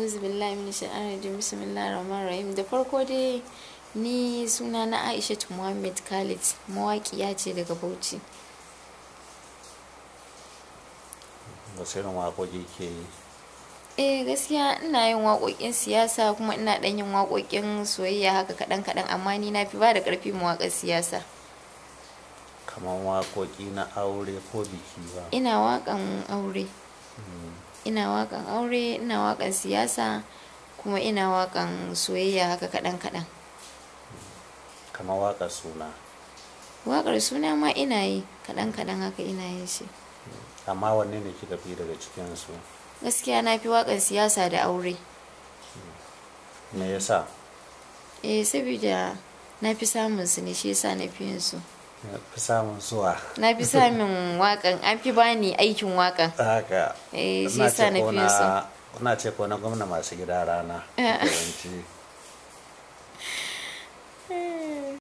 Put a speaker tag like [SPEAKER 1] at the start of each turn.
[SPEAKER 1] Auzu billahi min rahim da farko dai ni suna na Aisha Muhammad Khalid mawaƙiya ce daga Bauchi eh gaskiya ina yin waƙoƙin siyasa kuma ina ɗan yin waƙoƙin soyayya haka kaɗan kaɗan amma ni na fi ba da ƙarfi mu siyasa
[SPEAKER 2] kamar waƙoƙi na aure ko biki ba ina
[SPEAKER 1] waƙan aure hmm. ina waƙan aure ina waƙan siyasa kuma ina waƙan soyayya haka kaɗan kaɗan
[SPEAKER 3] kama wakar suna
[SPEAKER 1] waƙar suna ma ina yi kaɗan kaɗan haka ina yin shi
[SPEAKER 3] amma wanne ne kika fi daga cikin su
[SPEAKER 1] gaskiya na fi wakan siyasa da aure me yasa eh saboda na fi samun su ne shi yasa na fi yin su
[SPEAKER 4] fi samun zuwa na fi samun
[SPEAKER 1] wakan an fi bani aikin wakan
[SPEAKER 4] haka eh shi sa na fi so na ce ko na gwamna
[SPEAKER 2] masu gida rana